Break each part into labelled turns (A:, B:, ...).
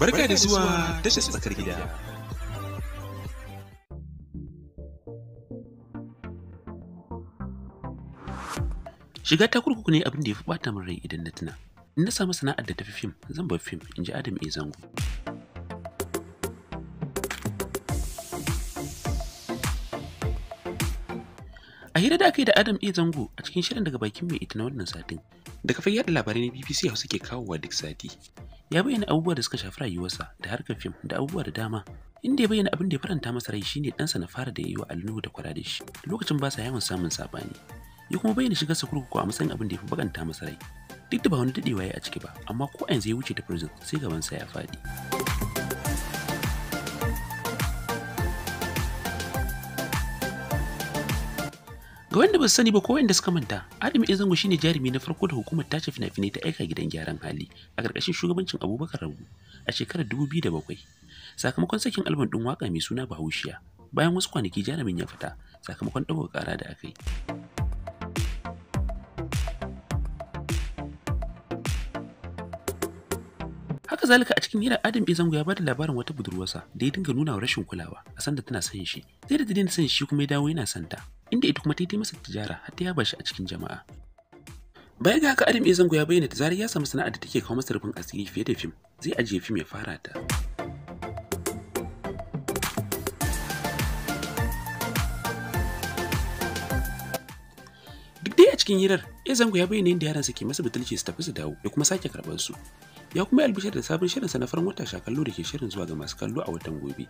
A: Barka da zuwa tashar tsakar gida. Shiga ta kurkuku ne abin da ya fi ɓata min rai idan na tuna. In na samu sana'ar da tafi fim, zan bar fim, in ji Adam A. Zango. A hira da aka yi da Adam A. Zango a cikin shirin daga bakin mai ita na wannan satin, da fayyar da labarai na BBC Hausa ke kawowa duk sati. ya bayyana abubuwa da suka shafi rayuwarsa da harkar fim da abubuwa da dama inda ya bayyana abin da ya faranta masa rai shine ɗansa na fara da ya yi wa alnuhu da kwara da shi lokacin ba sa yawan samun sabani ya kuma bayyana sa kurkuku a matsayin abin da ya fi baƙanta masa rai duk da ba wani daɗewa ya a ciki ba amma ko a yanzu ya wuce ta prison sai gabansa ya faɗi. Ga wanda ba sani ba ko wanda suka manta, Adam izangu shine jarumi na farko da hukumar tace fina-finai ta aika gidan gyaran hali a ƙarƙashin shugabancin Abubakar Rabu a shekarar dubu biyu da bakwai, Sakamakon sakin albon ɗin waka mai suna Bahaushiya, bayan wasu kwanaki jarumin ya fita sakamakon ɗaukar ƙara da aka yi. kazalika a cikin hira Adam bai zango ya bada labarin wata budurwarsa da ya dinga nuna rashin kulawa a sanda tana son shi sai da ta san son shi kuma ya dawo yana santa inda ita kuma ta yi masa tijara har ta yaba shi a cikin jama'a baya ga haka Adam B zango ya bayyana da zarar ya samu sana'a da take kawo masa rufin asiri fiye da fim zai ajiye fim ya fara ta duk dai a cikin hirar ya zango ya bayyana yadda sa ke masa butulci su tafi su dawo da kuma sake karɓar su ya kuma albishar da sabon shirinsa na farin wata shakallo da ke shirin zuwa ga masu kallo a watan gobe.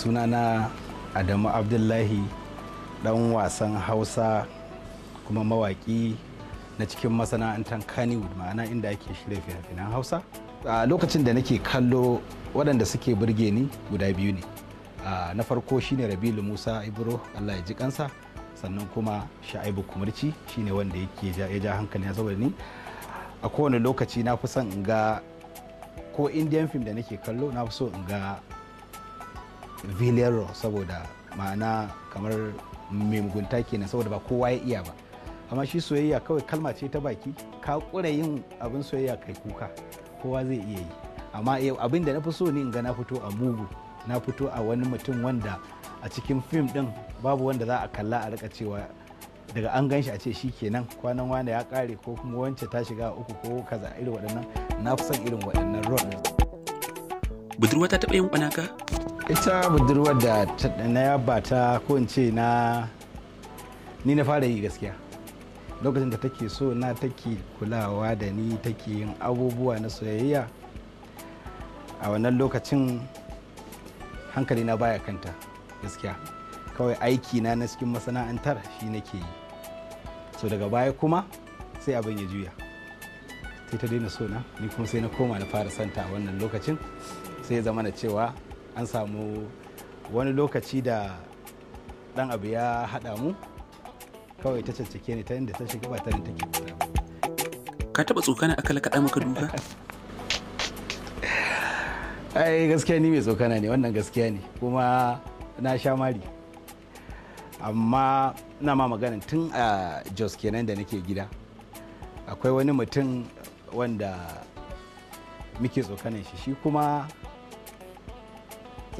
B: sunana adamu abdullahi dan wasan hausa kuma mawaki na cikin masana'antar kannywood ma'ana inda ake shirya fina-finan hausa a lokacin da nake kallo waɗanda suke burge ni guda biyu ne na farko shine rabilu musa ibro allah ya ji kansa sannan kuma sha'ibu kumarci shine wanda yake ya ja hankali ya saboda ni a kowane lokaci na fi son in ga ko indian film da nake kallo na fi so in ga villero saboda ma'ana kamar mai mugunta kenan saboda ba kowa ya iya ba amma shi soyayya kawai kalma ce ta baki ka kura yin abin soyayya kai kuka kowa zai iya yi amma eh, abin da na fi so ne in ga na fito a mugu na fito a wani mutum wanda a cikin fim din babu wanda za a kalla a rika cewa daga an gan shi a ce shi kenan kwanan wane ya kare ko kuma wance ta shiga uku ko kaza irin waɗannan na fi son irin waɗannan rol budurwa ta taɓa yin kwanaka? ita budurwar da na yaba ta ko in ce na ni na fara yi gaskiya lokacin da take so na take kulawa da ni take yin abubuwa na soyayya a wannan lokacin hankali na baya kanta gaskiya kawai aiki na na cikin masana'antar shi nake yi so daga baya kuma sai abin ya juya sai ta daina so na ni kuma sai na koma na fara santa a wannan lokacin sai ya zama cewa an samu wani lokaci da dan abu ya haɗa mu kawai ta cancake ne ta inda ta shiga ba ta take
A: ka taɓa tsokana aka kaɗa maka duka
B: ai gaskiya ni mai tsokana ne wannan gaskiya ne kuma na sha mari amma na ma magana tun a jos kenan da nake gida akwai wani mutum wanda muke tsokanin shi shi kuma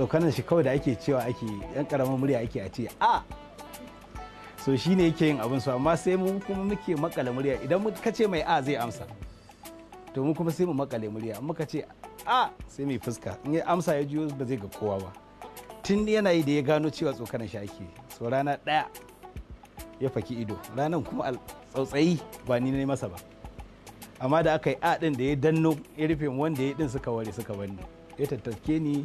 B: tsokanar shi kawai da ake cewa ake yan karamar murya ake a ce a ah! so shi ne yake yin abin su amma sai mu kuma muke makale murya idan ka ce mai a ah! zai amsa to mu kuma sai mu makale murya muka ce a ah! sai mai fuska in ya amsa ya juyo ba zai ga kowa ba tun yana yi da ya gano cewa tsokanar shi ake so rana ɗaya ya faki ido ranan kuma tsautsayi ba ni ne masa ba amma da aka yi a ɗin da ya danno ya rufe wanda ya din suka ware suka bani ya tattake ni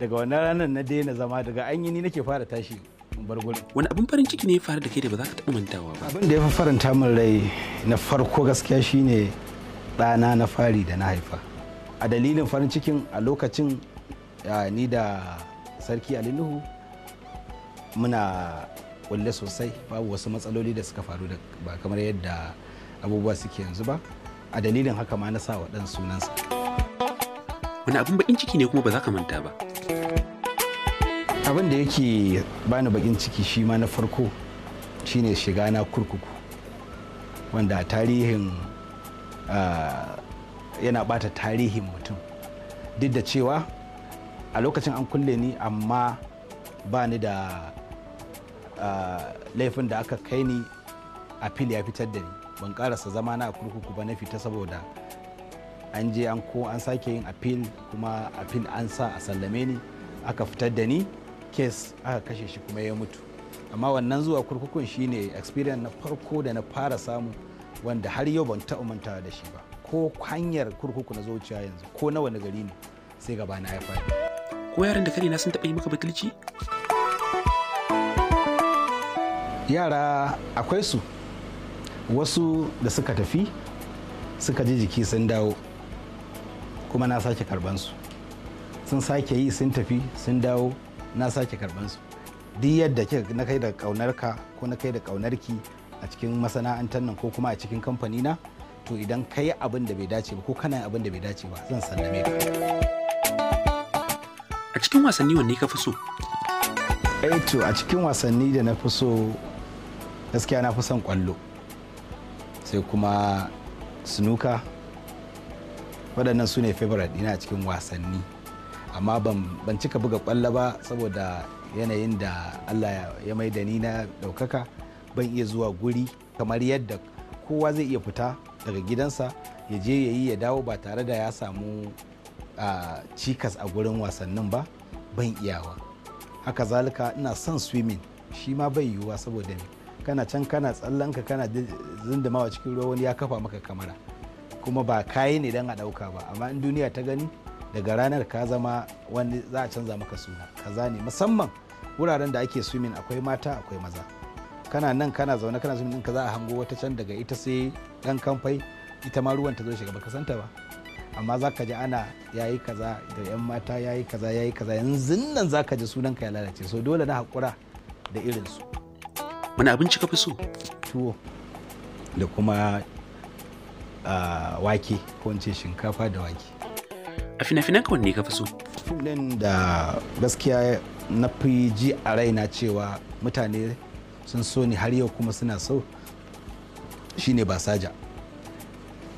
B: daga wannan ranar na daina zama daga an yi ni nake fara tashi bar wani abin
A: farin ciki ne ya faru da kai da ba za ka taɓa mantawa
B: ba abin da ya fi faranta min rai na farko gaskiya shine ɗana na fari da na haifa a dalilin farin cikin a lokacin ni da sarki alinuhu muna kulle sosai babu wasu matsaloli da suka faru da ba kamar yadda abubuwa suke yanzu ba a dalilin haka ma na sa waɗansu ɗan sunansa
A: wani abin bakin ciki ne kuma ba za ka manta ba
B: abin da yake bani bakin ciki shi ma na farko shine shiga na kurkuku wanda tarihin yana bata tarihin mutum duk da cewa a lokacin an kulle ni amma ba ni da laifin da aka kai ni a fili ya fitar da ni ban karasa zama na kurkuku ba na fita saboda an je an ko an sake yin appeal kuma appeal an sa a sallame ni aka fitar da ni kes aka kashe shi kuma ya mutu amma wannan zuwa kurkukun shine experience na farko da na fara samu wanda har yau ban taɓa mantawa da shi ba ko hanyar kurkuku na zuciya yanzu ko na wani gari ne sai gaba na ya
A: ko yaran da kare na sun taɓa yi maka batulci
B: yara akwai su wasu da suka tafi suka ji jiki sun dawo kuma na sake karban su sun sake yi sun tafi sun dawo na sake karban su duk yadda na kai da kaunarka ko na kai da kaunarki a cikin masana'antar nan ko kuma a cikin kamfani na to idan ka yi abin da bai dace ba ko kana abin da bai dace ba zan sallame ka a cikin wasanni wanne ka fi so eh to a cikin wasanni da na fi so gaskiya na fi son kwallo sai kuma sunuka waɗannan su ne favorite ina cikin wasanni amma ban cika buga ƙwallo ba saboda yanayin da allah ya mai da ni na ɗaukaka ban iya zuwa guri kamar yadda kowa zai iya fita daga gidansa ya je ya yi ya dawo ba tare da ya samu cikas a gurin wasannin ba ban iyawa haka zalika ina son swimming shi ma bai yiwuwa saboda kana can kana tsallanka kana zindamawa cikin ruwa wani ya kafa maka kamara kuma ba kayi ne dan a ɗauka ba amma in duniya ta gani daga ranar ka zama wani za a canza maka suna kaza ne musamman wuraren da ake sumin akwai mata akwai maza kana nan kana zaune kana sumin ka za a hango wata can daga ita sai dan kamfai ita ma ruwan ta zo shiga baka santa ba amma za ka ji ana yayi kaza da yan mata yayi kaza yayi kaza yanzu nan za ka ji sunan ka ya lalace so dole na hakura da irin su wani abinci ka fi so tuwo da kuma wake ko ce shinkafa da wake a fina-finan kawai ne ka fi so fim ɗin da gaskiya na fi ji a raina cewa mutane sun so ni har yau kuma suna so shine basaja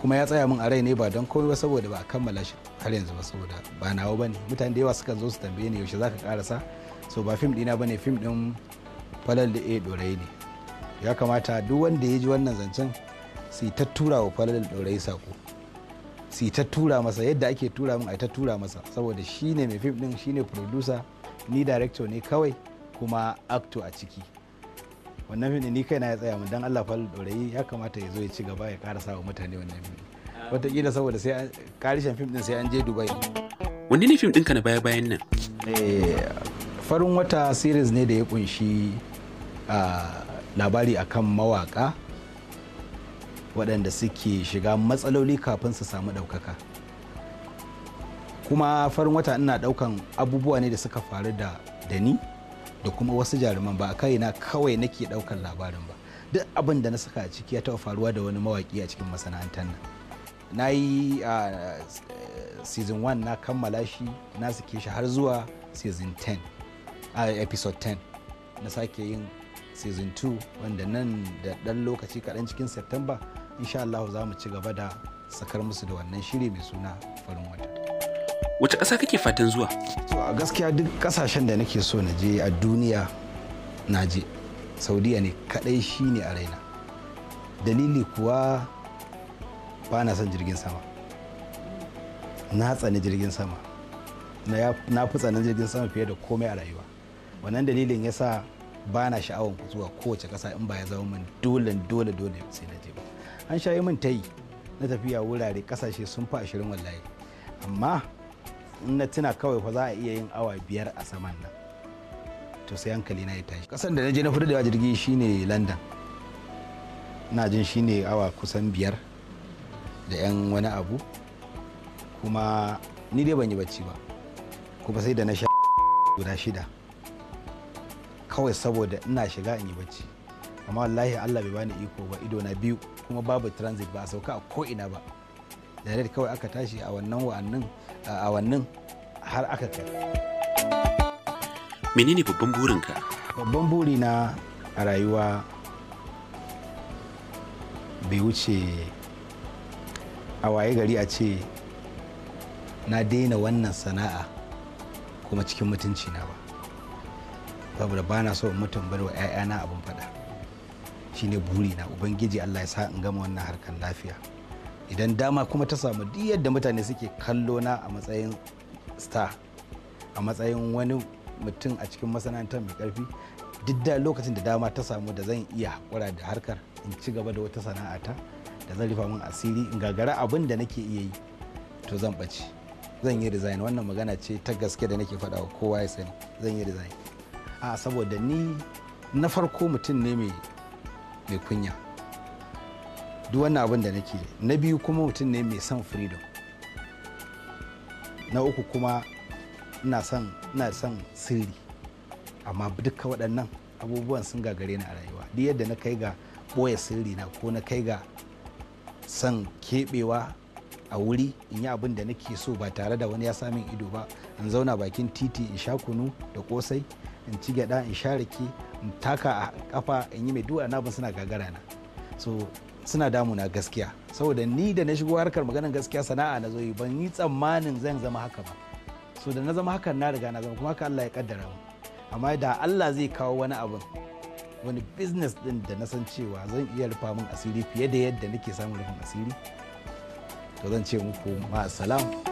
B: kuma ya tsaya min a rai ne ba don komai ba saboda ba a kammala shi har yanzu ba saboda ba nawa ba ne mutane da yawa suka zo su tambaye ni yaushe za ka karasa so ba fim ɗina ba ne fim ɗin falal da ya dorai ne ya kamata duk wanda ya ji wannan zancen su ta tura wa falalar ɗorayi sako su ta tura masa yadda ake tura min a ta tura masa saboda shi ne mai fim ɗin shi ne producer ni director ne kawai kuma actor a ciki wannan fim ɗin ni kai na ya tsaya min don allah falalar ɗorayi ya kamata ya zo ya ci gaba ya ƙarasa wa mutane wannan fim wataƙila saboda sai karishen fim ɗin sai an je dubai
A: wanda ne fim ɗinka na baya bayan nan
B: eh, farin wata series ne da ya kunshi ah, labari akan mawaka waɗanda suke shiga matsaloli kafin su samu ɗaukaka kuma farin wata ina ɗaukan abubuwa ne da suka faru da da ni da kuma wasu jaruman ba a na kawai nake ɗaukan labarin ba duk abin da na saka ciki ya taɓa faruwa da wani mawaƙi a cikin masana'antar nan na yi a season 1 na kammala shi na suke shi har zuwa season 10 a episode 10 na sake yin season 2 wanda nan da ɗan lokaci kaɗan cikin september insha Allah za mu ci gaba da sakar musu da wannan shiri mai suna farin wata wace ƙasa kake fatan zuwa to a gaskiya duk ƙasashen da nake so na je a duniya na je saudiya ne kaɗai shi ne a raina dalili kuwa ba na son jirgin sama na tsani jirgin sama na fi tsanin jirgin sama fiye da komai a rayuwa wannan dalilin ya sa ba na sha'awar zuwa kowace ƙasa in ba ya zama min dole dole dole sai na je ba an sha min ta yi na tafiya wurare kasashe sun fi ashirin wallahi amma in na tuna kawai fa za a iya yin awa biyar a saman nan to sai hankali na ya tashi kasan da na je na fito da jirgi shine london na jin shine awa kusan biyar da yan wani abu kuma ni dai ban yi bacci ba kuma sai da na sha guda shida kawai saboda ina shiga in yi bacci amma wallahi Allah bai bani iko ba ido na biyu kuma babu transit ba a sauka a ko ina ba direct kawai aka tashi a wannan wa'annin a wannan har aka kai
A: menene babban burinka
B: babban buri na a rayuwa bai wuce a waye gari a ce na daina wannan sana'a kuma cikin mutunci na ba saboda ba na so mutum bar wa 'ya'yana abin faɗa shine burina ubangiji allah ya sa in gama wannan harkar lafiya idan dama kuma ta samu duk yadda mutane suke kallo na a matsayin star a matsayin wani mutum a cikin masana'antar mai karfi duk da lokacin da dama ta samu da zan iya haƙura da harkar in ci gaba da wata sana'a ta da zan rufa min asiri in gagara abin da nake iya yi to zan ɓace zan yi resign wannan magana ce ta gaske da nake faɗa wa kowa ya sani zan yi resign a saboda ni na farko mutum ne mai mai kunya duk wannan abin da nake na biyu kuma mutum ne mai son freedom na uku kuma ina son ina son sirri amma duka waɗannan abubuwan sun gagare ni a rayuwa duk yadda na kai ga ɓoye sirri na ko na kai ga son keɓewa a wuri in yi abin da nake so ba tare da wani ya min ido ba in zauna bakin titi in sha kunu da kosai in ci gyada in sha rake taka a kafa in yi mai duwa na suna gagara na so suna damuna gaskiya saboda ni da na shigo harkar maganar gaskiya sana'a na zoyi ban yi tsammanin zan zama haka ba so da na zama haka na riga na zama kuma haka Allah ya kaddara mu amma da Allah zai kawo wani abin wani business din da na san cewa zan iya rufa min asiri fiye da yadda nake samun rufin asiri to zan ce muku ma salam